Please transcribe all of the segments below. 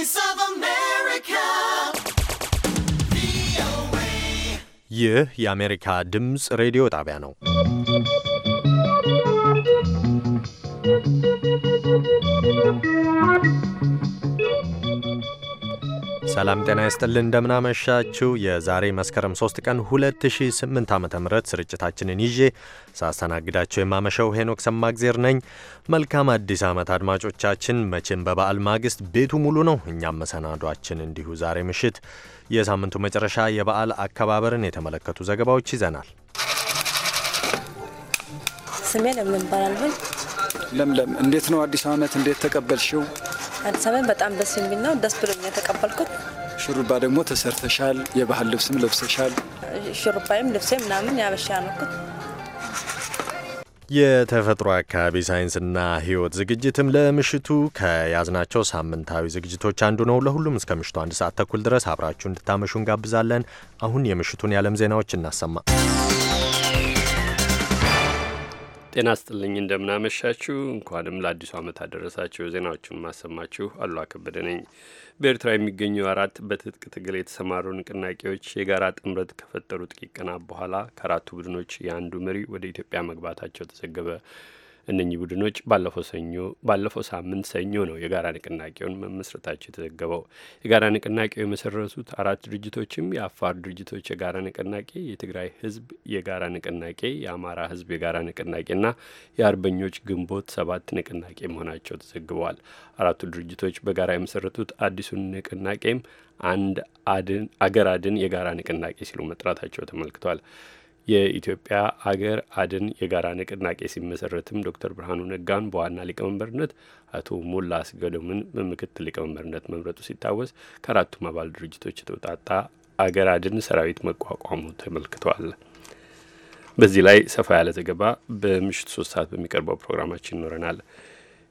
Yeah, of America. VOA. radio. የአሜሪካ ድምፅ ሰላም ጤና ይስጥልን እንደምናመሻችው የዛሬ መስከረም 3 ቀን 2008 ዓ ም ስርጭታችንን ይዤ ሳስተናግዳችሁ የማመሸው ሄኖክ ሰማግዜር ነኝ። መልካም አዲስ ዓመት አድማጮቻችን። መቼም በበዓል ማግስት ቤቱ ሙሉ ነው። እኛም መሰናዷችን እንዲሁ ዛሬ ምሽት የሳምንቱ መጨረሻ የበዓል አከባበርን የተመለከቱ ዘገባዎች ይዘናል። ስሜ ለምለም ይባላል። ለምለም እንዴት ነው አዲስ ዓመት እንዴት ተቀበልሽው? አዲስ ዓመት በጣም ደስ የሚል ነው። ደስ ብሎኝ የተቀበልኩት። ሹሩባ ደግሞ ተሰርተሻል፣ የባህል ልብስም ለብሰሻል። ሹሩባይም ልብሴ ምናምን ያበሻ ያልኩት የተፈጥሮ አካባቢ ሳይንስና ሕይወት ዝግጅትም ለምሽቱ ከያዝናቸው ሳምንታዊ ዝግጅቶች አንዱ ነው። ለሁሉም እስከ ምሽቱ አንድ ሰዓት ተኩል ድረስ አብራችሁ እንድታመሹ እንጋብዛለን። አሁን የምሽቱን የዓለም ዜናዎች እናሰማ። ጤና ስጥልኝ እንደምናመሻችሁ። እንኳንም ለአዲሱ ዓመት አደረሳችሁ። ዜናዎቹን ማሰማችሁ አሉ ከበደ ነኝ። በኤርትራ የሚገኙ አራት በትጥቅ ትግል የተሰማሩ ንቅናቄዎች የጋራ ጥምረት ከፈጠሩ ጥቂት ቀናት በኋላ ከአራቱ ቡድኖች የአንዱ መሪ ወደ ኢትዮጵያ መግባታቸው ተዘገበ። እነኚህ ቡድኖች ባለፈው ሰኞ ባለፈው ሳምንት ሰኞ ነው የጋራ ንቅናቄውን መመስረታቸው የተዘገበው። የጋራ ንቅናቄው የመሰረቱት አራት ድርጅቶችም የአፋር ድርጅቶች የጋራ ንቅናቄ፣ የትግራይ ህዝብ የጋራ ንቅናቄ፣ የአማራ ህዝብ የጋራ ንቅናቄና የአርበኞች ግንቦት ሰባት ንቅናቄ መሆናቸው ተዘግበዋል። አራቱ ድርጅቶች በጋራ የመሰረቱት አዲሱን ንቅናቄም አንድ አድን አገር አድን የጋራ ንቅናቄ ሲሉ መጥራታቸው ተመልክቷል። የኢትዮጵያ አገር አድን የጋራ ንቅናቄ ሲመሰረትም ዶክተር ብርሃኑ ነጋን በዋና ሊቀመንበርነት አቶ ሞላ አስገዶምን በምክትል ሊቀመንበርነት መምረጡ ሲታወስ ከአራቱም አባል ድርጅቶች የተውጣጣ አገር አድን ሰራዊት መቋቋሙ ተመልክቷል። በዚህ ላይ ሰፋ ያለ ዘገባ በምሽት ሶስት ሰዓት በሚቀርበው ፕሮግራማችን ይኖረናል።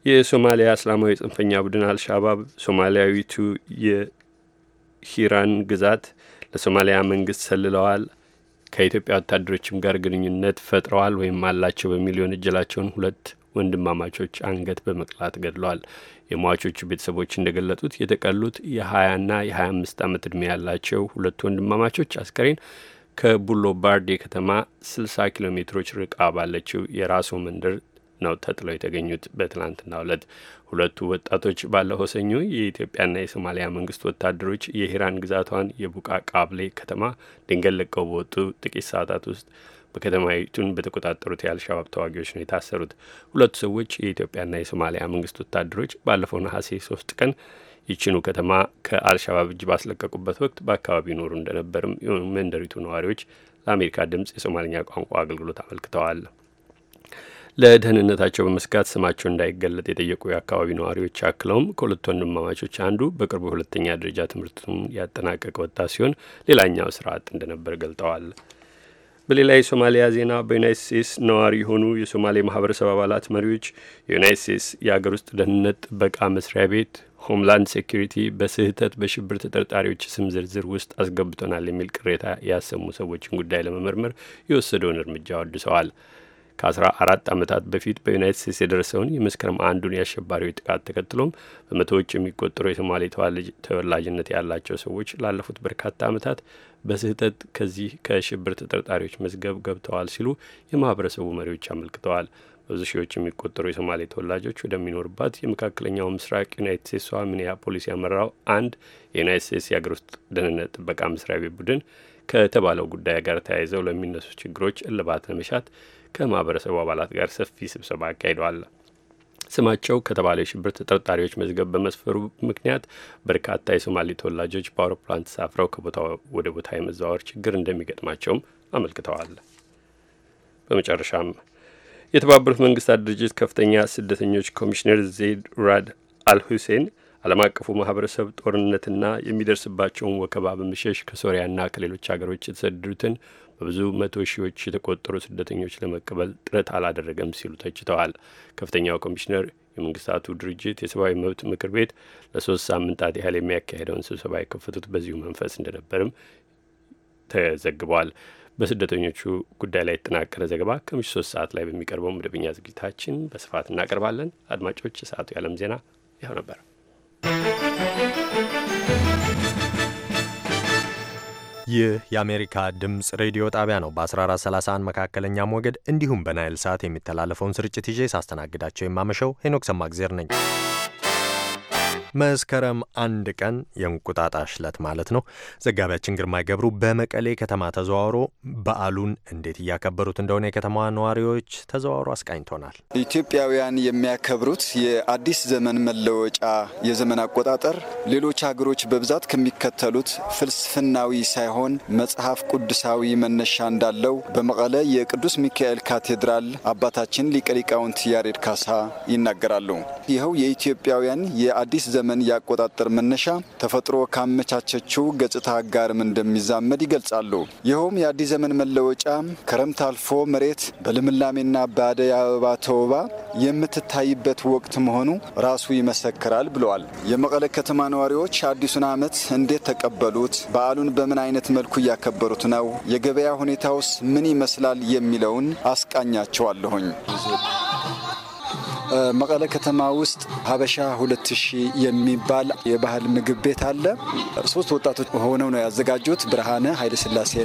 የሶማሊያ እስላማዊ ጽንፈኛ ቡድን አልሻባብ ሶማሊያዊቱ የሂራን ግዛት ለሶማሊያ መንግስት ሰልለዋል ከኢትዮጵያ ወታደሮችም ጋር ግንኙነት ፈጥረዋል ወይም አላቸው በሚል የወነጀላቸውን ሁለት ወንድማማቾች አንገት በመቅላት ገድለዋል። የሟቾቹ ቤተሰቦች እንደገለጡት የተቀሉት የ 2 ና የ አምስት ዓመት ዕድሜ ያላቸው ሁለቱ ወንድማማቾች አስከሬን ከቡሎ ባርዴ ከተማ 60 ኪሎ ሜትሮች ርቃ ባለችው የራሶ መንደር ነው ተጥለው የተገኙት በትናንትናው ዕለት። ሁለቱ ወጣቶች ባለፈው ሰኞ የኢትዮጵያና የሶማሊያ መንግስት ወታደሮች የሂራን ግዛቷን የቡቃ ቃብሌ ከተማ ድንገት ለቀው በወጡ ጥቂት ሰዓታት ውስጥ በከተማይቱን በተቆጣጠሩት የአልሻባብ ተዋጊዎች ነው የታሰሩት። ሁለቱ ሰዎች የኢትዮጵያና የሶማሊያ መንግስት ወታደሮች ባለፈው ነሐሴ ሶስት ቀን ይችኑ ከተማ ከአልሻባብ እጅ ባስለቀቁበት ወቅት በአካባቢው ይኖሩ እንደነበርም መንደሪቱ ነዋሪዎች ለአሜሪካ ድምጽ የሶማልኛ ቋንቋ አገልግሎት አመልክተዋል። ለደህንነታቸው በመስጋት ስማቸው እንዳይገለጥ የጠየቁ የአካባቢ ነዋሪዎች አክለውም ከሁለት ወንድማማቾች አንዱ በቅርቡ ሁለተኛ ደረጃ ትምህርቱን ያጠናቀቀ ወጣት ሲሆን ሌላኛው ስራ አጥ እንደነበር ገልጠዋል። በሌላ የሶማሊያ ዜና በዩናይት ስቴትስ ነዋሪ የሆኑ የሶማሌ ማህበረሰብ አባላት መሪዎች የዩናይት ስቴትስ የአገር ውስጥ ደህንነት ጥበቃ መስሪያ ቤት ሆምላንድ ሴኪሪቲ በስህተት በሽብር ተጠርጣሪዎች ስም ዝርዝር ውስጥ አስገብቶናል የሚል ቅሬታ ያሰሙ ሰዎችን ጉዳይ ለመመርመር የወሰደውን እርምጃ አወድሰዋል። ከ14 ዓመታት በፊት በዩናይት ስቴትስ የደረሰውን የመስከረም አንዱን የአሸባሪዎች ጥቃት ተከትሎም በመቶዎች የሚቆጠሩ የሶማሌ ተወላጅነት ያላቸው ሰዎች ላለፉት በርካታ ዓመታት በስህተት ከዚህ ከሽብር ተጠርጣሪዎች መዝገብ ገብተዋል ሲሉ የማህበረሰቡ መሪዎች አመልክተዋል። በብዙ ሺዎች የሚቆጠሩ የሶማሌ ተወላጆች ወደሚኖርባት የመካከለኛው ምስራቅ ዩናይት ስቴትሷ ሚኒያፖሊስ ያመራው አንድ የዩናይት ስቴትስ የአገር ውስጥ ደህንነት ጥበቃ መስሪያ ቤት ቡድን ከተባለው ጉዳይ ጋር ተያይዘው ለሚነሱ ችግሮች እልባት ለመሻት ከማህበረሰቡ አባላት ጋር ሰፊ ስብሰባ አካሂደዋል። ስማቸው ከተባለ የሽብር ተጠርጣሪዎች መዝገብ በመስፈሩ ምክንያት በርካታ የሶማሌ ተወላጆች በአውሮፕላን ተሳፍረው ከቦታ ወደ ቦታ የመዘዋወር ችግር እንደሚገጥማቸውም አመልክተዋል። በመጨረሻም የተባበሩት መንግስታት ድርጅት ከፍተኛ ስደተኞች ኮሚሽነር ዜድ ራድ አልሁሴን ዓለም አቀፉ ማህበረሰብ ጦርነትና የሚደርስባቸውን ወከባ በመሸሽ ከሶሪያና ከሌሎች ሀገሮች የተሰደዱትን በብዙ መቶ ሺዎች የተቆጠሩ ስደተኞች ለመቀበል ጥረት አላደረገም ሲሉ ተችተዋል። ከፍተኛው ኮሚሽነር የመንግስታቱ ድርጅት የሰብአዊ መብት ምክር ቤት ለሶስት ሳምንታት ያህል የሚያካሄደውን ስብሰባ የከፈቱት በዚሁ መንፈስ እንደነበርም ተዘግቧል። በስደተኞቹ ጉዳይ ላይ የተጠናከረ ዘገባ ከምሽቱ ሶስት ሰዓት ላይ በሚቀርበው መደበኛ ዝግጅታችን በስፋት እናቀርባለን። አድማጮች፣ የሰዓቱ የዓለም ዜና ይኸው ነበር። ይህ የአሜሪካ ድምፅ ሬዲዮ ጣቢያ ነው። በ1431 መካከለኛ ሞገድ እንዲሁም በናይል ሰዓት የሚተላለፈውን ስርጭት ይዤ ሳስተናግዳቸው የማመሸው ሄኖክ ሰማግዜር ነኝ። መስከረም አንድ ቀን የእንቁጣጣሽ ዕለት ማለት ነው። ዘጋቢያችን ግርማ ገብሩ በመቀሌ ከተማ ተዘዋውሮ በዓሉን እንዴት እያከበሩት እንደሆነ የከተማዋ ነዋሪዎች ተዘዋውሮ አስቃኝቶናል። ኢትዮጵያውያን የሚያከብሩት የአዲስ ዘመን መለወጫ የዘመን አቆጣጠር ሌሎች ሀገሮች በብዛት ከሚከተሉት ፍልስፍናዊ ሳይሆን መጽሐፍ ቅዱሳዊ መነሻ እንዳለው በመቀለ የቅዱስ ሚካኤል ካቴድራል አባታችን ሊቀ ሊቃውንት ያሬድ ካሳ ይናገራሉ። ይኸው የኢትዮጵያውያን የአዲስ ዘመን ዘመን ያቆጣጠር መነሻ ተፈጥሮ ካመቻቸችው ገጽታ ጋርም እንደሚዛመድ ይገልጻሉ። ይኸውም የአዲስ ዘመን መለወጫ ከረምት አልፎ መሬት በልምላሜና በአደይ አበባ ተውባ የምትታይበት ወቅት መሆኑ ራሱ ይመሰክራል ብለዋል። የመቀለ ከተማ ነዋሪዎች አዲሱን ዓመት እንዴት ተቀበሉት? በዓሉን በምን አይነት መልኩ እያከበሩት ነው? የገበያ ሁኔታውስ ምን ይመስላል? የሚለውን አስቃኛቸዋለሁኝ። መቀለ ከተማ ውስጥ ሀበሻ ሁለት ሺህ የሚባል የባህል ምግብ ቤት አለ። ሶስት ወጣቶች ሆነው ነው ያዘጋጁት። ብርሃነ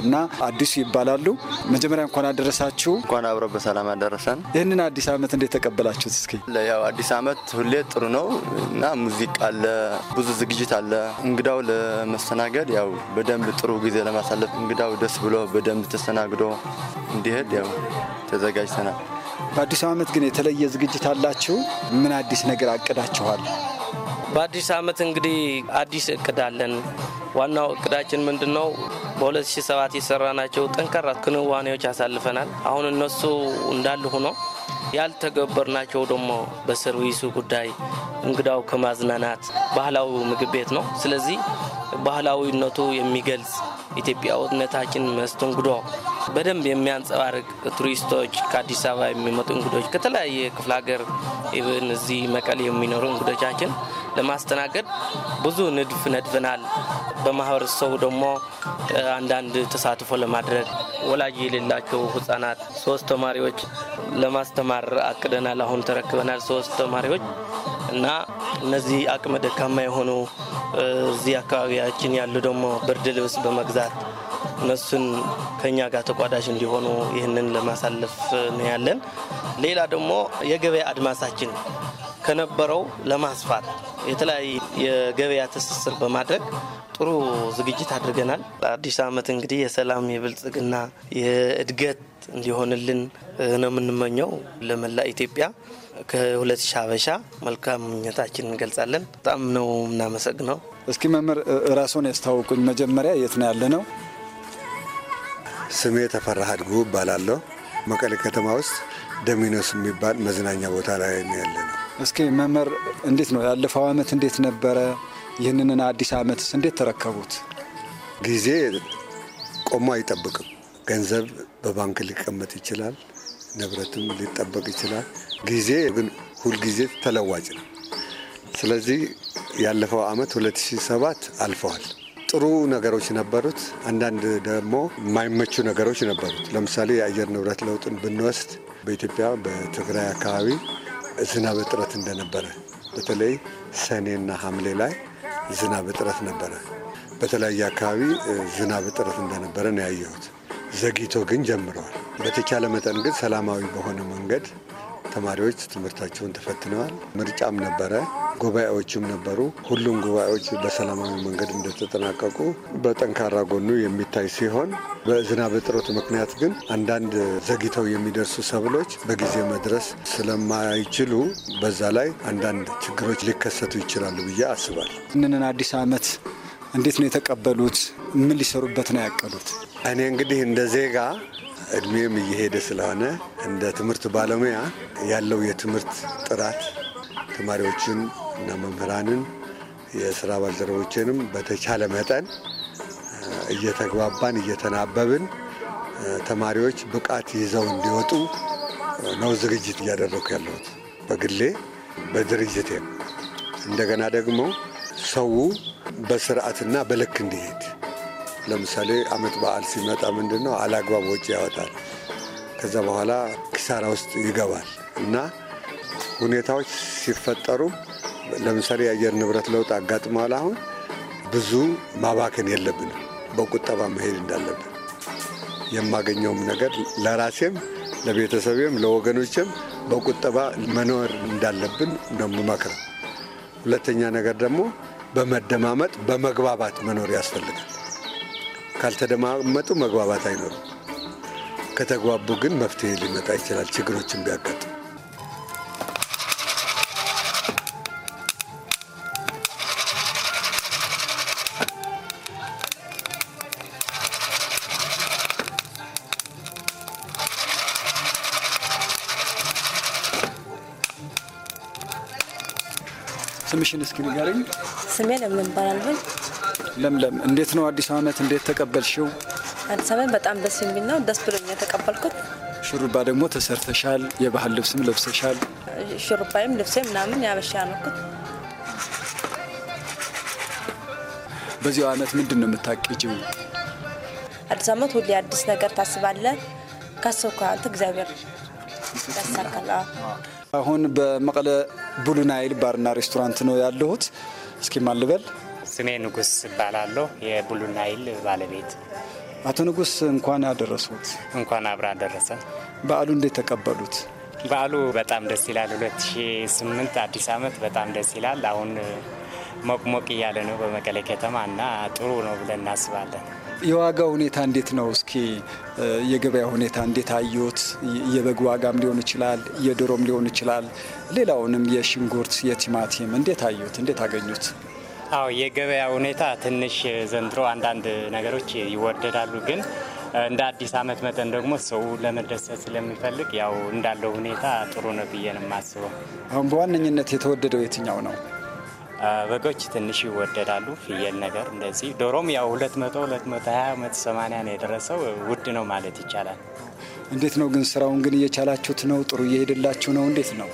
እና አዲሱ ይባላሉ። መጀመሪያ እንኳን አደረሳችሁ። እንኳን አብረ በሰላም አደረሰን። ይህንን አዲስ ዓመት እንዴት ተቀበላችሁት? እስኪ ያው አዲስ አመት ሁሌ ጥሩ ነው እና ሙዚቃ አለ፣ ብዙ ዝግጅት አለ። እንግዳው ለመስተናገድ ያው በደንብ ጥሩ ጊዜ ለማሳለፍ እንግዳው ደስ ብሎ በደንብ ተስተናግዶ እንዲሄድ ያው ተዘጋጅተናል። በአዲሱ ዓመት ግን የተለየ ዝግጅት አላችሁ? ምን አዲስ ነገር አቅዳችኋል? በአዲስ ዓመት እንግዲህ አዲስ እቅድ አለን። ዋናው እቅዳችን ምንድን ነው? በ2007 የሰራናቸው ጠንካራ ክንዋኔዎች አሳልፈናል። አሁን እነሱ እንዳሉ ሆኖ ያልተገበርናቸው ደግሞ በሰርቪሱ ጉዳይ እንግዳው ከማዝናናት ባህላዊ ምግብ ቤት ነው። ስለዚህ ባህላዊነቱ የሚገልጽ ኢትዮጵያዊነታችን መስተንግዶ በደንብ የሚያንጸባርቅ ቱሪስቶች ከአዲስ አበባ የሚመጡ እንግዶች፣ ከተለያየ ክፍለ ሀገር እዚህ መቀሌ የሚኖሩ እንግዶቻችን ለማስተናገድ ብዙ ንድፍ ነድፈናል። በማህበረሰቡ ደግሞ አንዳንድ ተሳትፎ ለማድረግ ወላጅ የሌላቸው ህጻናት ሶስት ተማሪዎች ለማስተማር አቅደናል። አሁን ተረክበናል ሶስት ተማሪዎች እና እነዚህ አቅመ ደካማ የሆኑ እዚህ አካባቢያችን ያሉ ደግሞ ብርድ ልብስ በመግዛት እነሱን ከኛ ጋር ተቋዳሽ እንዲሆኑ ይህንን ለማሳለፍ ነው ያለን። ሌላ ደግሞ የገበያ አድማሳችን ከነበረው ለማስፋት የተለያዩ የገበያ ትስስር በማድረግ ጥሩ ዝግጅት አድርገናል። አዲስ ዓመት እንግዲህ የሰላም የብልጽግና የእድገት እንዲሆንልን ነው የምንመኘው ለመላ ኢትዮጵያ። ከሁለት ሺህ ሀበሻ መልካም ምኞታችን እንገልጻለን። በጣም ነው የምናመሰግነው። እስኪ መምህር ራስዎን ያስታውቁኝ። መጀመሪያ የት ነው ያለ ነው? ስሜ ተፈራ ሀድጉ እባላለሁ። መቀሌ ከተማ ውስጥ ደሚኖስ የሚባል መዝናኛ ቦታ ላይ ነው ያለ ነው። እስኪ መምህር እንዴት ነው ያለፈው አመት እንዴት ነበረ? ይህንን አዲስ አመት እንዴት ተረከቡት? ጊዜ ቆሞ አይጠብቅም። ገንዘብ በባንክ ሊቀመጥ ይችላል። ንብረትም ሊጠበቅ ይችላል። ጊዜ ግን ሁልጊዜ ተለዋጭ ነው። ስለዚህ ያለፈው ዓመት 2007 አልፈዋል። ጥሩ ነገሮች ነበሩት፣ አንዳንድ ደግሞ የማይመቹ ነገሮች ነበሩት። ለምሳሌ የአየር ንብረት ለውጥን ብንወስድ በኢትዮጵያ በትግራይ አካባቢ ዝናብ እጥረት እንደነበረ በተለይ ሰኔና ሐምሌ ላይ ዝናብ እጥረት ነበረ። በተለያየ አካባቢ ዝናብ እጥረት እንደነበረ ነው ያየሁት። ዘግይቶ ግን ጀምረዋል። በተቻለ መጠን ግን ሰላማዊ በሆነ መንገድ ተማሪዎች ትምህርታቸውን ተፈትነዋል። ምርጫም ነበረ፣ ጉባኤዎችም ነበሩ። ሁሉም ጉባኤዎች በሰላማዊ መንገድ እንደተጠናቀቁ በጠንካራ ጎኑ የሚታይ ሲሆን በዝናብ እጥረት ምክንያት ግን አንዳንድ ዘግይተው የሚደርሱ ሰብሎች በጊዜ መድረስ ስለማይችሉ በዛ ላይ አንዳንድ ችግሮች ሊከሰቱ ይችላሉ ብዬ አስባል። እንንን አዲስ ዓመት እንዴት ነው የተቀበሉት? ምን ሊሰሩበት ነው ያቀዱት? እኔ እንግዲህ እንደ ዜጋ እድሜም እየሄደ ስለሆነ እንደ ትምህርት ባለሙያ ያለው የትምህርት ጥራት ተማሪዎችን እና መምህራንን የስራ ባልደረቦችንም በተቻለ መጠን እየተግባባን እየተናበብን ተማሪዎች ብቃት ይዘው እንዲወጡ ነው ዝግጅት እያደረኩ ያለሁት በግሌ በድርጅቴም። እንደገና ደግሞ ሰው በስርዓትና በልክ እንዲሄድ ለምሳሌ አመት በዓል ሲመጣ ምንድን ነው አላግባብ ወጪ ያወጣል። ከዛ በኋላ ኪሳራ ውስጥ ይገባል እና ሁኔታዎች ሲፈጠሩ ለምሳሌ የአየር ንብረት ለውጥ አጋጥሟል። አሁን ብዙ ማባከን የለብንም፣ በቁጠባ መሄድ እንዳለብን የማገኘውም ነገር ለራሴም ለቤተሰቤም ለወገኖችም በቁጠባ መኖር እንዳለብን ነው የምመክረው። ሁለተኛ ነገር ደግሞ በመደማመጥ በመግባባት መኖር ያስፈልጋል። ካልተደማመጡ መግባባት አይኖርም። ከተግባቡ ግን መፍትሄ ሊመጣ ይችላል። ችግሮችን ቢያጋጥም ስምሽን እስኪ ንገሪኝ። ስሜ ለምን እባላለሁ። ለምለም እንዴት ነው አዲስ ዓመት እንዴት ተቀበልሽው? አዲስ አመት በጣም ደስ የሚል ነው። ደስ ብሎኛ የተቀበልኩት ሹሩባ ደግሞ ተሰርተሻል፣ የባህል ልብስም ለብሰሻል። ሹሩባይም ልብሴ ምናምን ያበሻ ነኩት። በዚው አመት ምንድን ነው የምታቂጅው? አዲስ ዓመት ሁሌ አዲስ ነገር ታስባለ። ካሰብኩ አንተ እግዚአብሔር ያሳካል። አሁን በመቀለ ቡሉ ናይል ባርና ሬስቶራንት ነው ያለሁት። እስኪ ማልበል ስሜ ንጉስ እባላለሁ። የብሉ ናይል ባለቤት። አቶ ንጉስ እንኳን አደረሱት። እንኳን አብራ አደረሰ። በዓሉ እንዴት ተቀበሉት? በዓሉ በጣም ደስ ይላል። 2008 አዲስ ዓመት በጣም ደስ ይላል። አሁን ሞቅሞቅ እያለ ነው በመቀሌ ከተማ እና ጥሩ ነው ብለን እናስባለን። የዋጋ ሁኔታ እንዴት ነው? እስኪ የገበያ ሁኔታ እንዴት አዩት? የበግ ዋጋም ሊሆን ይችላል፣ የዶሮም ሊሆን ይችላል፣ ሌላውንም የሽንኩርት የቲማቲም እንዴት አየት? እንዴት አገኙት? አዎ የገበያ ሁኔታ ትንሽ ዘንድሮ አንዳንድ ነገሮች ይወደዳሉ፣ ግን እንደ አዲስ አመት መጠን ደግሞ ሰው ለመደሰት ስለሚፈልግ ያው እንዳለው ሁኔታ ጥሩ ነው ብዬን የማስበው። አሁን በዋነኝነት የተወደደው የትኛው ነው? በጎች ትንሽ ይወደዳሉ። ፍየል ነገር እንደዚህ፣ ዶሮም ያው 200፣ 220፣ 180 ነው የደረሰው። ውድ ነው ማለት ይቻላል። እንዴት ነው ግን ስራውን ግን እየቻላችሁት ነው? ጥሩ እየሄደላችሁ ነው? እንዴት ነው?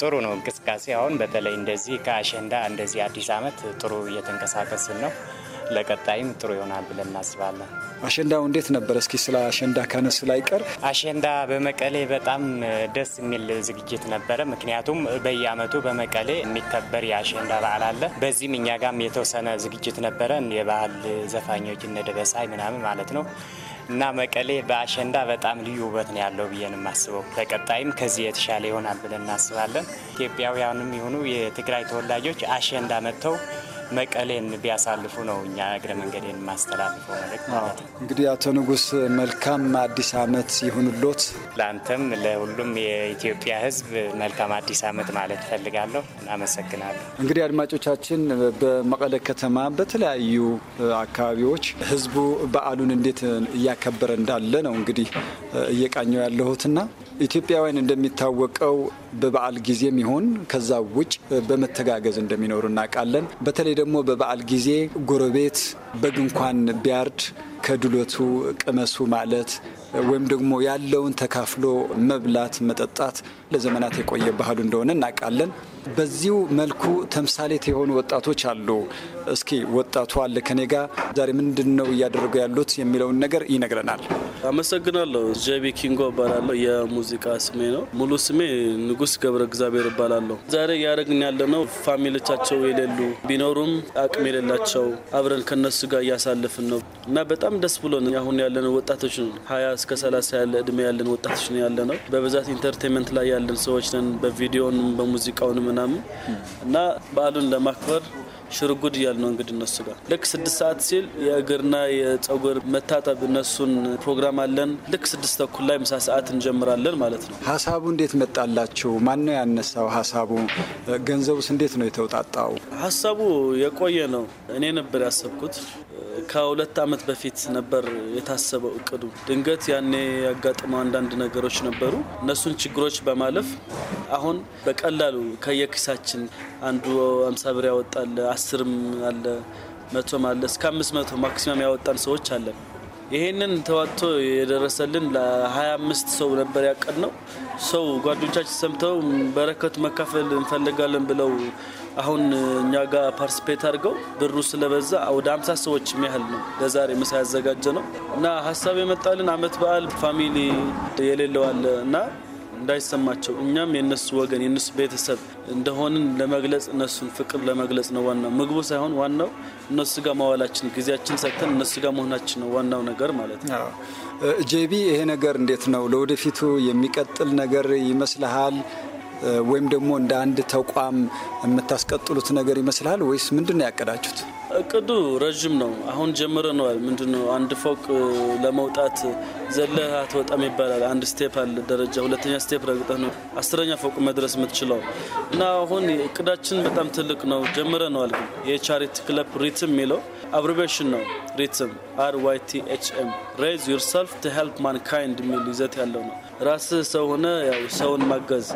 ጥሩ ነው እንቅስቃሴ። አሁን በተለይ እንደዚህ ከአሸንዳ እንደዚህ አዲስ ዓመት ጥሩ እየተንቀሳቀስን ነው። ለቀጣይም ጥሩ ይሆናል ብለን እናስባለን። አሸንዳው እንዴት ነበር? እስኪ ስለ አሸንዳ ከነስ ላይ ቀር አሸንዳ በመቀሌ በጣም ደስ የሚል ዝግጅት ነበረ። ምክንያቱም በየአመቱ በመቀሌ የሚከበር የአሸንዳ በዓል አለ። በዚህም እኛ ጋም የተወሰነ ዝግጅት ነበረ። የባህል ዘፋኞች እነ ደበሳይ ምናምን ማለት ነው እና መቀሌ በአሸንዳ በጣም ልዩ ውበት ነው ያለው ብዬ ነው የማስበው። ለቀጣይም ከዚህ የተሻለ ይሆናል ብለን እናስባለን። ኢትዮጵያውያንም የሆኑ የትግራይ ተወላጆች አሸንዳ መጥተው መቀሌን ቢያሳልፉ ነው እኛ እግረ መንገዴን የማስተላልፈው መልእክት ማለት ነው። እንግዲህ አቶ ንጉስ መልካም አዲስ አመት ይሁንሎት። ለአንተም ለሁሉም የኢትዮጵያ ህዝብ መልካም አዲስ ዓመት ማለት እፈልጋለሁ። አመሰግናለሁ። እንግዲህ አድማጮቻችን በመቀለ ከተማ በተለያዩ አካባቢዎች ህዝቡ በዓሉን እንዴት እያከበረ እንዳለ ነው እንግዲህ እየቃኘው ያለሁትና ኢትዮጵያውያን እንደሚታወቀው በበዓል ጊዜም ይሁን ከዛ ውጭ በመተጋገዝ እንደሚኖሩ እናውቃለን። በተለይ ደግሞ በበዓል ጊዜ ጎረቤት በግ እንኳን ቢያርድ ከድሎቱ ቅመሱ ማለት ወይም ደግሞ ያለውን ተካፍሎ መብላት መጠጣት ለዘመናት የቆየ ባህሉ እንደሆነ እናውቃለን። በዚሁ መልኩ ተምሳሌት የሆኑ ወጣቶች አሉ። እስኪ ወጣቱ አለ ከኔ ጋር ዛሬ ምንድን ነው እያደረጉ ያሉት የሚለውን ነገር ይነግረናል። አመሰግናለሁ። ጀቢ ኪንጎ እባላለሁ። የሙዚቃ ስሜ ነው። ሙሉ ስሜ ንጉስ ገብረ እግዚአብሔር እባላለሁ። ዛሬ እያደረግን ያለነው ፋሚሊቻቸው የሌሉ ቢኖሩም አቅም የሌላቸው አብረን ከነሱ ጋር እያሳለፍን ነው እና በጣም ደስ ብሎን አሁን ያለን ወጣቶች ነው ሀያ እስከ 30 ያለ እድሜ ያለን ወጣቶች ነው ያለ ነው። በብዛት ኢንተርቴንመንት ላይ ያለን ሰዎች ነን፣ በቪዲዮንም በሙዚቃውን ምናምን እና በዓሉን ለማክበር ሽርጉድ እያል ነው እንግዲህ እነሱ ጋር ልክ ስድስት ሰዓት ሲል የእግርና የጸጉር መታጠብ እነሱን ፕሮግራም አለን። ልክ ስድስት ተኩል ላይ ምሳ ሰዓት እንጀምራለን ማለት ነው። ሀሳቡ እንዴት መጣላችሁ? ማን ነው ያነሳው? ሀሳቡ ገንዘቡስ እንዴት ነው የተውጣጣው? ሀሳቡ የቆየ ነው። እኔ ነበር ያሰብኩት ከሁለት ዓመት በፊት ነበር የታሰበው እቅዱ። ድንገት ያኔ ያጋጥመው አንዳንድ ነገሮች ነበሩ። እነሱን ችግሮች በማለፍ አሁን በቀላሉ ከየኪሳችን አንዱ አምሳ ብር ያወጣል፣ አስርም አለ፣ መቶም አለ፣ እስከ አምስት መቶ ማክሲመም ያወጣን ሰዎች አለን። ይሄንን ተዋጥቶ የደረሰልን ለ25 ሰው ነበር ያቀድ ነው። ሰው ጓደኞቻችን ሰምተው በረከቱ መካፈል እንፈልጋለን ብለው አሁን እኛ ጋር ፓርቲስፔት አድርገው ብሩ ስለበዛ ወደ አምሳ ሰዎች ያህል ነው ለዛሬ ምሳ ያዘጋጀ ነው እና ሀሳብ የመጣልን አመት በዓል ፋሚሊ የሌለው አለ እና እንዳይሰማቸው እኛም የነሱ ወገን የነሱ ቤተሰብ እንደሆንን ለመግለጽ እነሱን ፍቅር ለመግለጽ ነው ዋናው። ምግቡ ሳይሆን ዋናው እነሱ ጋር መዋላችን ጊዜያችን ሰጥተን እነሱ ጋር መሆናችን ነው ዋናው ነገር ማለት ነው። ጄቢ፣ ይሄ ነገር እንዴት ነው ለወደፊቱ የሚቀጥል ነገር ይመስልሃል? ወይም ደግሞ እንደ አንድ ተቋም የምታስቀጥሉት ነገር ይመስላል ወይስ ምንድን ነው ያቀዳችሁት? እቅዱ ረዥም ነው። አሁን ጀምረነዋል። ምንድን ነው አንድ ፎቅ ለመውጣት ዘለህ አትወጣም ይባላል። አንድ ስቴፕ አለ ደረጃ፣ ሁለተኛ ስቴፕ ረግጠህ ነው አስረኛ ፎቅ መድረስ የምትችለው እና አሁን እቅዳችን በጣም ትልቅ ነው። ጀምረነዋል። ግን የቻሪቲ ክለብ ሪትም የሚለው አብሪቬሽን ነው። ሪትም አር ዋይ ቲ ኤች ኤም ሬዝ ዩርሰልፍ ቱ ሄልፕ ማንካይንድ የሚል ይዘት ያለው ነው። ራስ ሰው ሆነ ያው ሰውን ማገዝ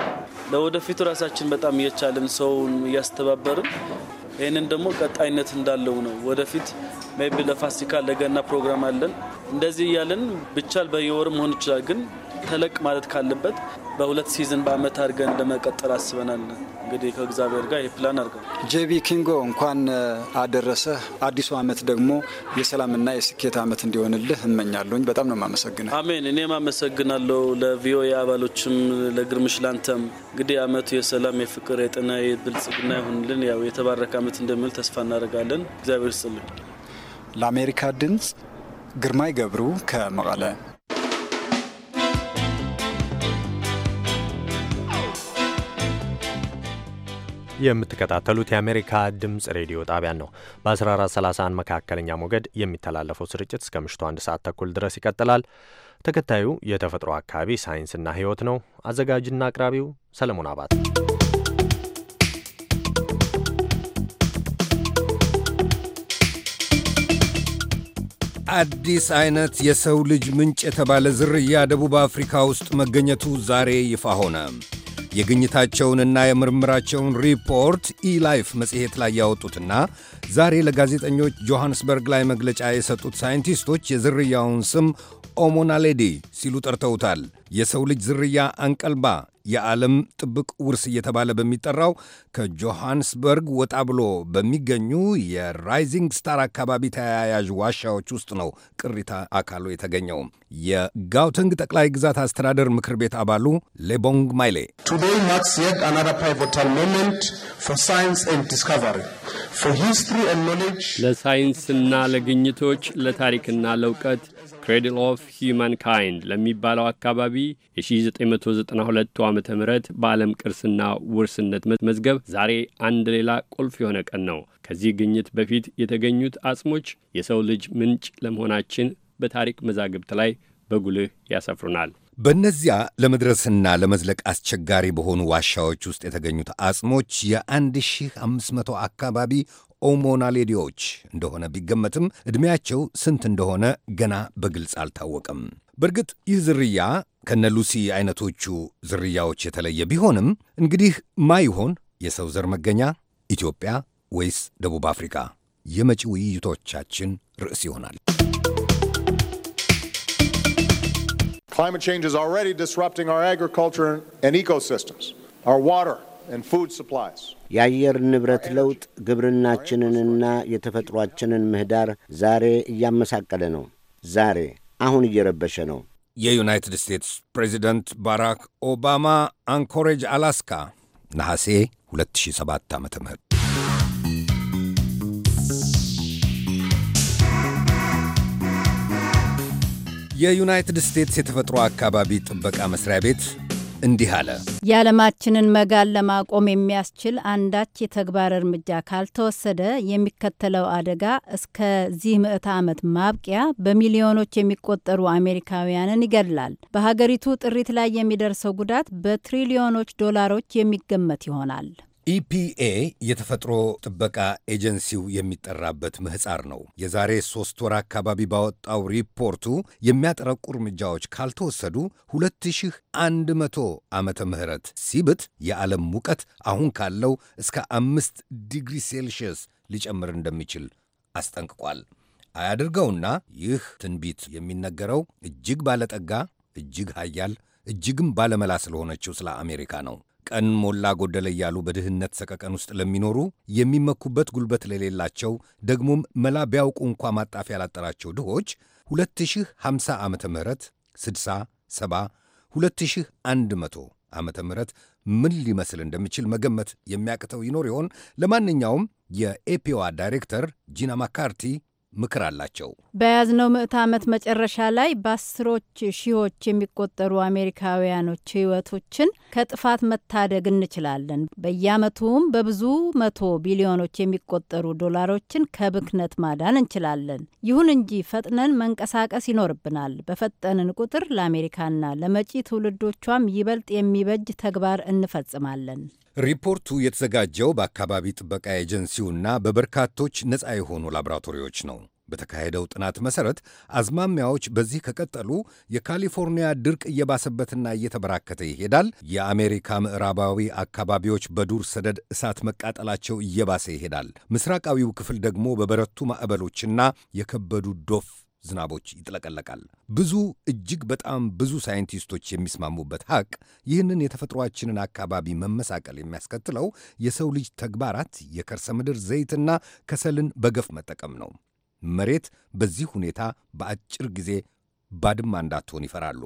ለወደፊቱ ራሳችን በጣም እየቻልን ሰውን እያስተባበርን ይህንን ደግሞ ቀጣይነት እንዳለው ነው። ወደፊት ሜቢ ቢ ለፋሲካ ለገና ፕሮግራም አለን። እንደዚህ እያለን ብቻል በየወር መሆን ይችላል። ግን ተለቅ ማለት ካለበት በሁለት ሲዝን በአመት አድርገን ለመቀጠል አስበናል። እንግዲህ ከእግዚአብሔር ጋር ይህ ፕላን አድርገን ጄቢ ኪንጎ እንኳን አደረሰ አዲሱ አመት ደግሞ የሰላምና የስኬት አመት እንዲሆንልህ እመኛለሁኝ። በጣም ነው የማመሰግነው። አሜን። እኔም አመሰግናለሁ ለቪኦኤ አባሎችም፣ ለግርምሽ ላንተም። እንግዲህ አመቱ የሰላም የፍቅር፣ የጤና፣ የብልጽግና ይሁንልን። ያው የተባረከ ዓመት እንደምል ተስፋ እናደርጋለን። እግዚአብሔር ይስጥልን። ለአሜሪካ ድምፅ ግርማይ ገብሩ ከመቐለ። የምትከታተሉት የአሜሪካ ድምፅ ሬዲዮ ጣቢያን ነው። በ1431 መካከለኛ ሞገድ የሚተላለፈው ስርጭት እስከ ምሽቱ አንድ ሰዓት ተኩል ድረስ ይቀጥላል። ተከታዩ የተፈጥሮ አካባቢ ሳይንስና ሕይወት ነው። አዘጋጅና አቅራቢው ሰለሞን አባት አዲስ አይነት የሰው ልጅ ምንጭ የተባለ ዝርያ ደቡብ አፍሪካ ውስጥ መገኘቱ ዛሬ ይፋ ሆነ። የግኝታቸውንና የምርምራቸውን ሪፖርት ኢላይፍ መጽሔት ላይ ያወጡትና ዛሬ ለጋዜጠኞች ጆሐንስበርግ ላይ መግለጫ የሰጡት ሳይንቲስቶች የዝርያውን ስም ኦሞናሌዲ ሲሉ ጠርተውታል። የሰው ልጅ ዝርያ አንቀልባ የዓለም ጥብቅ ውርስ እየተባለ በሚጠራው ከጆሃንስበርግ ወጣ ብሎ በሚገኙ የራይዚንግ ስታር አካባቢ ተያያዥ ዋሻዎች ውስጥ ነው ቅሪታ አካሉ የተገኘው። የጋውተንግ ጠቅላይ ግዛት አስተዳደር ምክር ቤት አባሉ ሌቦንግ ማይሌ ለሳይንስና ለግኝቶች ለታሪክና ለእውቀት ክሬድል ኦፍ ሂውማን ካይንድ ለሚባለው አካባቢ የ1992 ዓ ም በዓለም ቅርስና ውርስነት መዝገብ ዛሬ አንድ ሌላ ቁልፍ የሆነ ቀን ነው። ከዚህ ግኝት በፊት የተገኙት አጽሞች የሰው ልጅ ምንጭ ለመሆናችን በታሪክ መዛግብት ላይ በጉልህ ያሰፍሩናል። በእነዚያ ለመድረስና ለመዝለቅ አስቸጋሪ በሆኑ ዋሻዎች ውስጥ የተገኙት አጽሞች የ1500 አካባቢ ኦሞናሌዲዎች እንደሆነ ቢገመትም ዕድሜያቸው ስንት እንደሆነ ገና በግልጽ አልታወቀም። በእርግጥ ይህ ዝርያ ከነ ሉሲ አይነቶቹ ዝርያዎች የተለየ ቢሆንም እንግዲህ ማ ይሆን የሰው ዘር መገኛ ኢትዮጵያ ወይስ ደቡብ አፍሪካ? የመጪ ውይይቶቻችን ርዕስ ይሆናል። Climate change is already disrupting our agriculture and ecosystems, our water, የአየር ንብረት ለውጥ ግብርናችንንና የተፈጥሯችንን ምህዳር ዛሬ እያመሳቀለ ነው። ዛሬ አሁን እየረበሸ ነው። የዩናይትድ ስቴትስ ፕሬዚደንት ባራክ ኦባማ አንኮሬጅ አላስካ ነሐሴ 2007 ዓ ም የዩናይትድ ስቴትስ የተፈጥሮ አካባቢ ጥበቃ መስሪያ ቤት እንዲህ አለ። የዓለማችንን መጋን ለማቆም የሚያስችል አንዳች የተግባር እርምጃ ካልተወሰደ የሚከተለው አደጋ እስከዚህ ምዕተ ዓመት ማብቂያ በሚሊዮኖች የሚቆጠሩ አሜሪካውያንን ይገድላል። በሀገሪቱ ጥሪት ላይ የሚደርሰው ጉዳት በትሪሊዮኖች ዶላሮች የሚገመት ይሆናል። ኢፒኤ የተፈጥሮ ጥበቃ ኤጀንሲው የሚጠራበት ምህፃር ነው። የዛሬ ሶስት ወር አካባቢ ባወጣው ሪፖርቱ የሚያጠረቁ እርምጃዎች ካልተወሰዱ 2100 ዓመተ ምህረት ሲብት የዓለም ሙቀት አሁን ካለው እስከ አምስት ዲግሪ ሴልሺየስ ሊጨምር እንደሚችል አስጠንቅቋል። አያድርገውና ይህ ትንቢት የሚነገረው እጅግ ባለጠጋ፣ እጅግ ሀያል፣ እጅግም ባለመላ ስለሆነችው ስለ አሜሪካ ነው። ቀን ሞላ ጎደለ እያሉ በድህነት ሰቀቀን ውስጥ ለሚኖሩ የሚመኩበት ጉልበት ለሌላቸው ደግሞም መላ ቢያውቁ እንኳ ማጣፊ ያላጠራቸው ድሆች 2050 ዓ ም 60 70 2100 ዓ ም ምን ሊመስል እንደሚችል መገመት የሚያቅተው ይኖር ይሆን? ለማንኛውም የኤፒዋ ዳይሬክተር ጂና ማካርቲ ምክር አላቸው። በያዝነው ምዕተ ዓመት መጨረሻ ላይ በአስሮች ሺዎች የሚቆጠሩ አሜሪካውያኖች ህይወቶችን ከጥፋት መታደግ እንችላለን። በየዓመቱም በብዙ መቶ ቢሊዮኖች የሚቆጠሩ ዶላሮችን ከብክነት ማዳን እንችላለን። ይሁን እንጂ ፈጥነን መንቀሳቀስ ይኖርብናል። በፈጠንን ቁጥር ለአሜሪካና ለመጪ ትውልዶቿም ይበልጥ የሚበጅ ተግባር እንፈጽማለን። ሪፖርቱ የተዘጋጀው በአካባቢ ጥበቃ ኤጀንሲውና በበርካቶች ነፃ የሆኑ ላብራቶሪዎች ነው። በተካሄደው ጥናት መሠረት አዝማሚያዎች በዚህ ከቀጠሉ የካሊፎርኒያ ድርቅ እየባሰበትና እየተበራከተ ይሄዳል። የአሜሪካ ምዕራባዊ አካባቢዎች በዱር ሰደድ እሳት መቃጠላቸው እየባሰ ይሄዳል። ምስራቃዊው ክፍል ደግሞ በበረቱ ማዕበሎችና የከበዱ ዶፍ ዝናቦች ይጥለቀለቃል። ብዙ እጅግ በጣም ብዙ ሳይንቲስቶች የሚስማሙበት ሀቅ ይህንን የተፈጥሯችንን አካባቢ መመሳቀል የሚያስከትለው የሰው ልጅ ተግባራት የከርሰ ምድር ዘይትና ከሰልን በገፍ መጠቀም ነው። መሬት በዚህ ሁኔታ በአጭር ጊዜ ባድማ እንዳትሆን ይፈራሉ።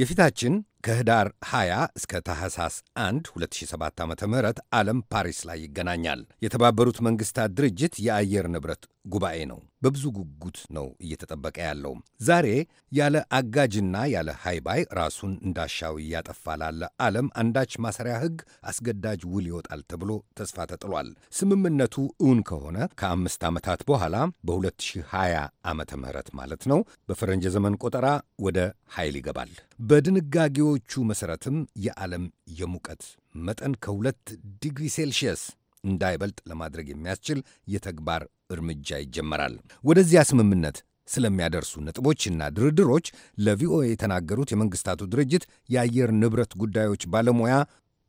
የፊታችን ከህዳር 20 እስከ ታህሳስ 1 2007 ዓ ም ዓለም ፓሪስ ላይ ይገናኛል። የተባበሩት መንግስታት ድርጅት የአየር ንብረት ጉባኤ ነው። በብዙ ጉጉት ነው እየተጠበቀ ያለው። ዛሬ ያለ አጋጅና ያለ ሃይባይ ራሱን እንዳሻው እያጠፋ ላለ ዓለም አንዳች ማሰሪያ ሕግ አስገዳጅ ውል ይወጣል ተብሎ ተስፋ ተጥሏል። ስምምነቱ እውን ከሆነ ከአምስት ዓመታት በኋላ በ2020 ዓ ም ማለት ነው በፈረንጀ ዘመን ቆጠራ ወደ ኃይል ይገባል። በድንጋጌው በመርሆዎቹ መሠረትም የዓለም የሙቀት መጠን ከሁለት ዲግሪ ሴልሺየስ እንዳይበልጥ ለማድረግ የሚያስችል የተግባር እርምጃ ይጀመራል። ወደዚያ ስምምነት ስለሚያደርሱ ነጥቦችና ድርድሮች ለቪኦኤ የተናገሩት የመንግሥታቱ ድርጅት የአየር ንብረት ጉዳዮች ባለሙያ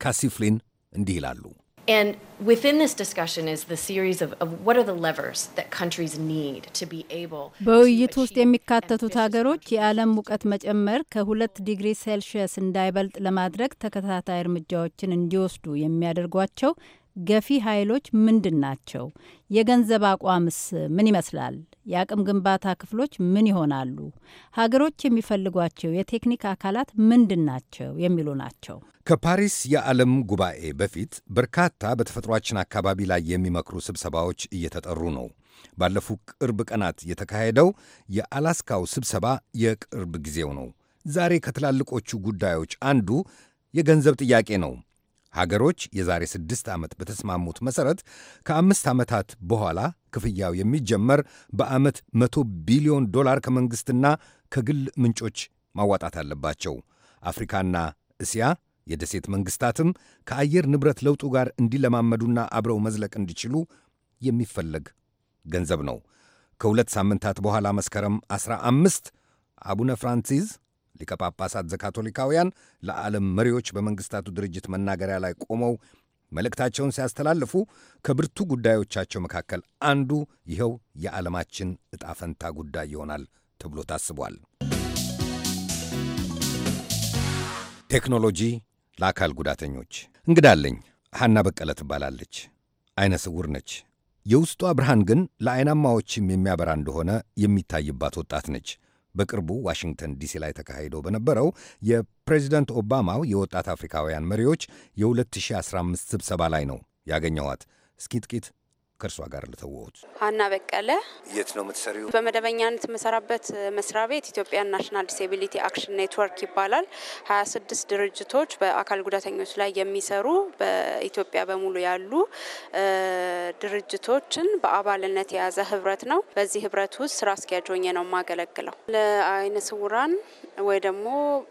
ካሲፍሊን እንዲህ ይላሉ። And በውይይት ውስጥ የሚካተቱት ሀገሮች የዓለም ሙቀት መጨመር ከሁለት ዲግሪ ሴልሺየስ እንዳይበልጥ ለማድረግ ተከታታይ እርምጃዎችን እንዲወስዱ የሚያደርጓቸው ገፊ ኃይሎች ምንድን ናቸው? የገንዘብ አቋምስ ምን ይመስላል? የአቅም ግንባታ ክፍሎች ምን ይሆናሉ? ሀገሮች የሚፈልጓቸው የቴክኒክ አካላት ምንድን ናቸው? የሚሉ ናቸው። ከፓሪስ የዓለም ጉባኤ በፊት በርካታ በተፈጥሯችን አካባቢ ላይ የሚመክሩ ስብሰባዎች እየተጠሩ ነው። ባለፉ ቅርብ ቀናት የተካሄደው የአላስካው ስብሰባ የቅርብ ጊዜው ነው። ዛሬ ከትላልቆቹ ጉዳዮች አንዱ የገንዘብ ጥያቄ ነው። ሀገሮች የዛሬ ስድስት ዓመት በተስማሙት መሠረት ከአምስት ዓመታት በኋላ ክፍያው የሚጀመር በዓመት መቶ ቢሊዮን ዶላር ከመንግሥትና ከግል ምንጮች ማዋጣት አለባቸው። አፍሪካና እስያ የደሴት መንግሥታትም ከአየር ንብረት ለውጡ ጋር እንዲለማመዱና አብረው መዝለቅ እንዲችሉ የሚፈለግ ገንዘብ ነው። ከሁለት ሳምንታት በኋላ መስከረም 15 አቡነ ፍራንሲስ ሊቀ ጳጳሳት ዘካቶሊካውያን ለዓለም መሪዎች በመንግሥታቱ ድርጅት መናገሪያ ላይ ቆመው መልእክታቸውን ሲያስተላልፉ ከብርቱ ጉዳዮቻቸው መካከል አንዱ ይኸው የዓለማችን ዕጣ ፈንታ ጉዳይ ይሆናል ተብሎ ታስቧል። ቴክኖሎጂ ለአካል ጉዳተኞች እንግዳለኝ ሐና በቀለ ትባላለች። ዐይነ ስውር ነች። የውስጧ ብርሃን ግን ለዐይናማዎችም የሚያበራ እንደሆነ የሚታይባት ወጣት ነች። በቅርቡ ዋሽንግተን ዲሲ ላይ ተካሂዶ በነበረው የፕሬዚደንት ኦባማው የወጣት አፍሪካውያን መሪዎች የ2015 ስብሰባ ላይ ነው ያገኘኋት። እስኪ ጥቂት ከእርሷ ጋር ልተወት። ሀና በቀለ። የት ነው የምትሰሪው? በመደበኛነት የምሰራበት መስሪያ ቤት ኢትዮጵያን ናሽናል ዲሴቢሊቲ አክሽን ኔትወርክ ይባላል። ሀያ ስድስት ድርጅቶች በአካል ጉዳተኞች ላይ የሚሰሩ በኢትዮጵያ በሙሉ ያሉ ድርጅቶችን በአባልነት የያዘ ህብረት ነው። በዚህ ህብረት ውስጥ ስራ አስኪያጅ ሆኜ ነው የማገለግለው። ለአይነ ስውራን ወይ ደግሞ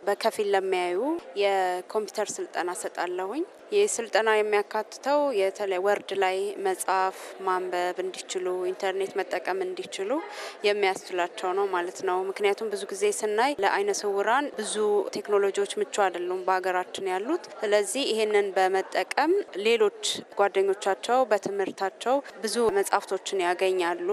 በከፊል ለሚያዩ የኮምፒውተር ስልጠና ሰጣለሁኝ። ይህ ስልጠና የሚያካትተው የተለይ ወርድ ላይ መጻፍ ማንበብ እንዲችሉ ኢንተርኔት መጠቀም እንዲችሉ የሚያስችላቸው ነው ማለት ነው። ምክንያቱም ብዙ ጊዜ ስናይ ለአይነ ስውራን ብዙ ቴክኖሎጂዎች ምቹ አይደሉም በሀገራችን ያሉት። ስለዚህ ይህንን በመጠቀም ሌሎች ጓደኞቻቸው በትምህርታቸው ብዙ መጽሐፍቶችን ያገኛሉ።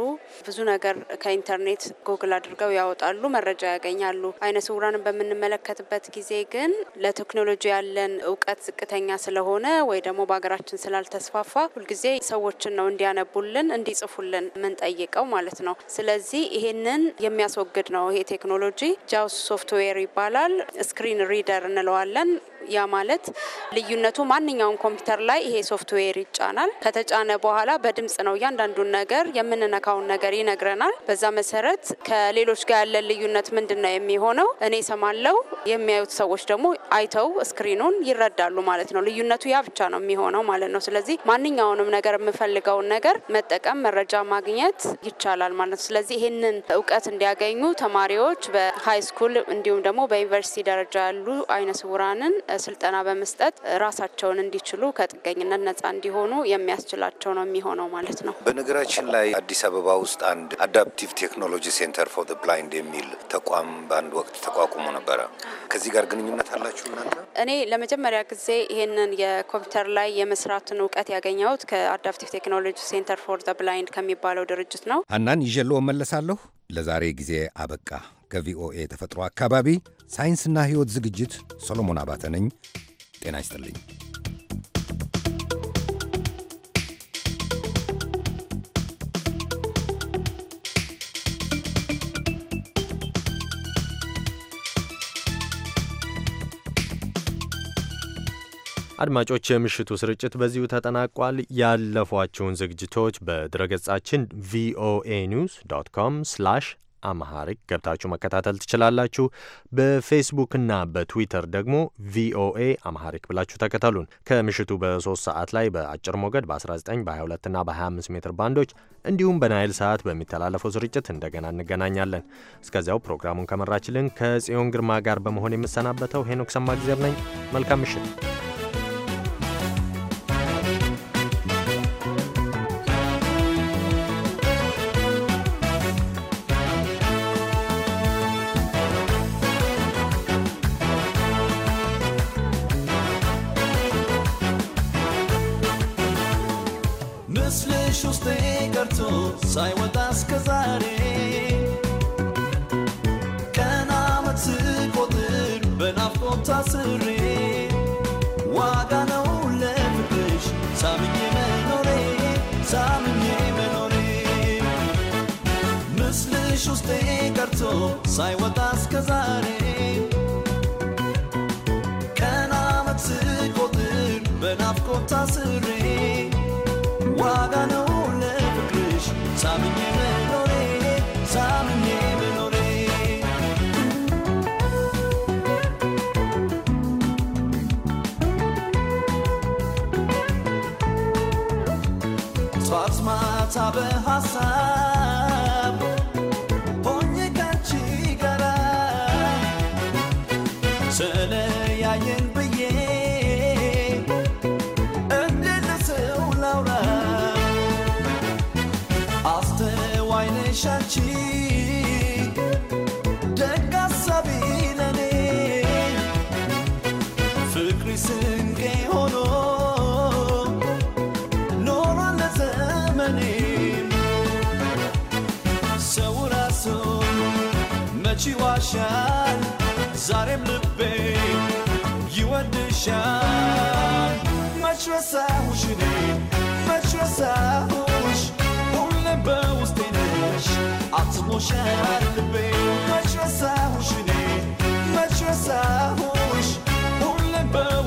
ብዙ ነገር ከኢንተርኔት ጎግል አድርገው ያወጣሉ፣ መረጃ ያገኛሉ። አይነ ስውራንን በምንመለከትበት ጊዜ ግን ለቴክኖሎጂ ያለን እውቀት ዝቅተኛ ስለሆነ ስለሆነ ወይ ደግሞ በሀገራችን ስላልተስፋፋ ሁልጊዜ ሰዎችን ነው እንዲያነቡልን እንዲጽፉልን የምንጠይቀው ማለት ነው። ስለዚህ ይሄንን የሚያስወግድ ነው ይሄ ቴክኖሎጂ። ጃውስ ሶፍትዌር ይባላል። ስክሪን ሪደር እንለዋለን። ያ ማለት ልዩነቱ ማንኛውም ኮምፒውተር ላይ ይሄ ሶፍትዌር ይጫናል። ከተጫነ በኋላ በድምጽ ነው እያንዳንዱን ነገር የምንነካውን ነገር ይነግረናል። በዛ መሰረት ከሌሎች ጋር ያለን ልዩነት ምንድን ነው የሚሆነው? እኔ ሰማለው፣ የሚያዩት ሰዎች ደግሞ አይተው ስክሪኑን ይረዳሉ ማለት ነው። ልዩነቱ ያ ብቻ ነው የሚሆነው ማለት ነው። ስለዚህ ማንኛውንም ነገር የምፈልገውን ነገር መጠቀም፣ መረጃ ማግኘት ይቻላል ማለት ነው። ስለዚህ ይህንን እውቀት እንዲያገኙ ተማሪዎች በሃይ ስኩል እንዲሁም ደግሞ በዩኒቨርሲቲ ደረጃ ያሉ አይነ ስውራንን ስልጠና በመስጠት ራሳቸውን እንዲችሉ ከጥገኝነት ነጻ እንዲሆኑ የሚያስችላቸው ነው የሚሆነው ማለት ነው። በነገራችን ላይ አዲስ አበባ ውስጥ አንድ አዳፕቲቭ ቴክኖሎጂ ሴንተር ፎር ብላይንድ የሚል ተቋም በአንድ ወቅት ተቋቁሞ ነበረ። ከዚህ ጋር ግንኙነት አላችሁ እናንተ? እኔ ለመጀመሪያ ጊዜ ይሄንን የኮምፒውተር ላይ የመስራትን እውቀት ያገኘሁት ከአዳፕቲቭ ቴክኖሎጂ ሴንተር ፎር ብላይንድ ከሚባለው ድርጅት ነው። ሀናን ይዤልዎ መለሳለሁ። ለዛሬ ጊዜ አበቃ። ከቪኦኤ ተፈጥሮ አካባቢ ሳይንስና ሕይወት ዝግጅት ሰሎሞን አባተ ነኝ። ጤና ይስጥልኝ። አድማጮች የምሽቱ ስርጭት በዚሁ ተጠናቋል። ያለፏቸውን ዝግጅቶች በድረገጻችን ቪኦኤ ኒውስ ዶት ኮም ስላሽ አምሃሪክ ገብታችሁ መከታተል ትችላላችሁ። በፌስቡክና በትዊተር ደግሞ ቪኦኤ አምሃሪክ ብላችሁ ተከተሉን። ከምሽቱ በሶስት ሰዓት ላይ በአጭር ሞገድ በ19 በ22ና በ25 ሜትር ባንዶች እንዲሁም በናይል ሰዓት በሚተላለፈው ስርጭት እንደገና እንገናኛለን። እስከዚያው ፕሮግራሙን ከመራችልን ከጽዮን ግርማ ጋር በመሆን የምሰናበተው ሄኖክ ሰማግዜር ነኝ። መልካም ምሽት። go, sai wa das kazare. Kana ma tsu ko dun, ben af ko ta sure. Wa ga no le fukish, sa mi ne me nore, sa mi ne me nore. ይዋሻል ዛሬም ልቤ ይወድሻል። መች ረሳሁሽ እኔ መች ረሳሁሽ ሁሌም በውስጤ ነሽ አትሞሻል ልቤ መች ረሳሁሽ እኔ መች ረሳሁ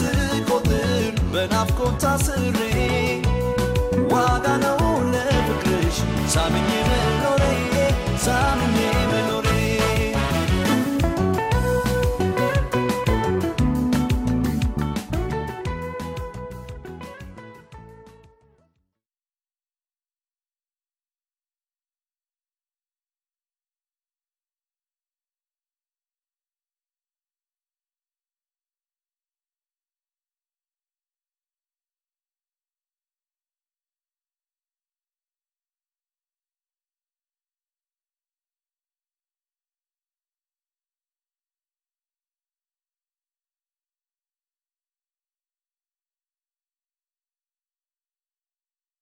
す